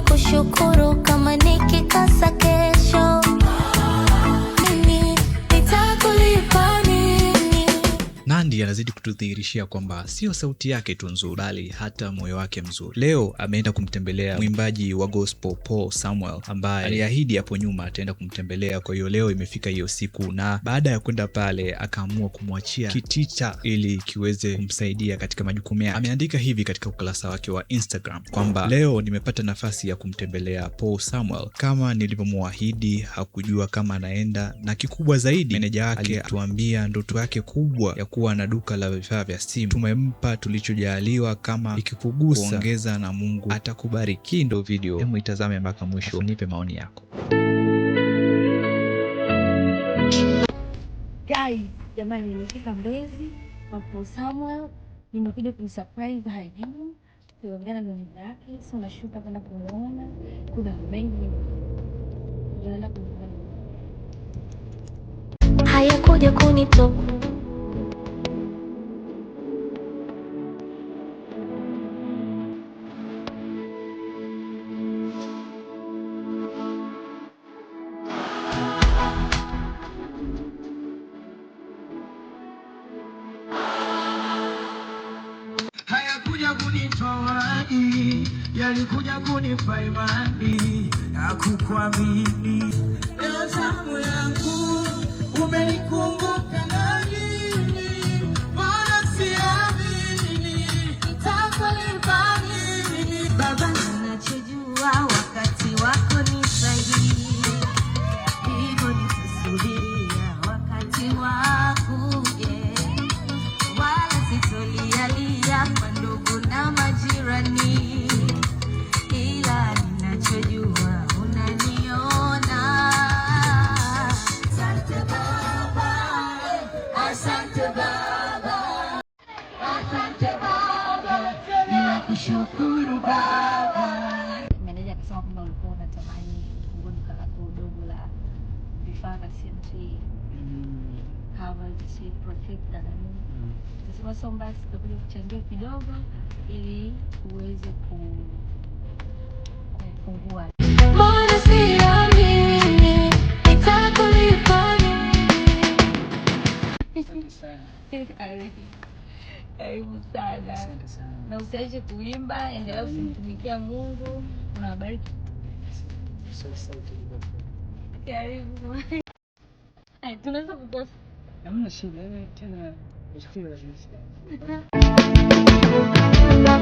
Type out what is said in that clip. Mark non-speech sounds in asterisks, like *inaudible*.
kushukuru kama nikikosa kesho anazidi kutudhihirishia kwamba sio sauti yake tu nzuri, bali hata moyo wake mzuri. Leo ameenda kumtembelea mwimbaji wa gospel Paul Samuel ambaye aliahidi hapo nyuma ataenda kumtembelea. Kwa hiyo leo imefika hiyo siku, na baada ya kwenda pale akaamua kumwachia kitita ili kiweze kumsaidia katika majukumu yake. Ameandika hivi katika ukurasa wake wa Instagram kwamba leo nimepata nafasi ya kumtembelea Paul Samuel kama nilivyomwahidi. Hakujua kama anaenda, na kikubwa zaidi meneja wake alituambia ndoto yake kubwa ya kuwa na duka la vifaa vya simu. Tumempa tulichojaaliwa, kama ikikugusa kuongeza na Mungu atakubariki. Ndo video hebu itazame mpaka mwisho, nipe maoni yako. Guys, jamani, nimefika Mbezi kwa Samuel, nimekuja kumsurprise hajibu, tuliongea na mwenye yake, so nashuka kwenda kumuona, kuna mengi hayakuja kunitoka kunitoai, yalikuja kunipa imani ya kukuamini. Tunashukuru Baba. Meneja akasema kwamba ulikuwa unatamani kufungua duka lako dogo la vifaa vya CMT na nini. Nasema sasa basi tutakuja kuchangia kidogo ili uweze ku kufungua. itakulipa nini? Asante sana. Karibu sana na usiache kuimba, endelea kumtumikia Mungu. Unawabariki. Karibu. *laughs* Tunaweza kukosa. Hamna shida eh, tena. *laughs*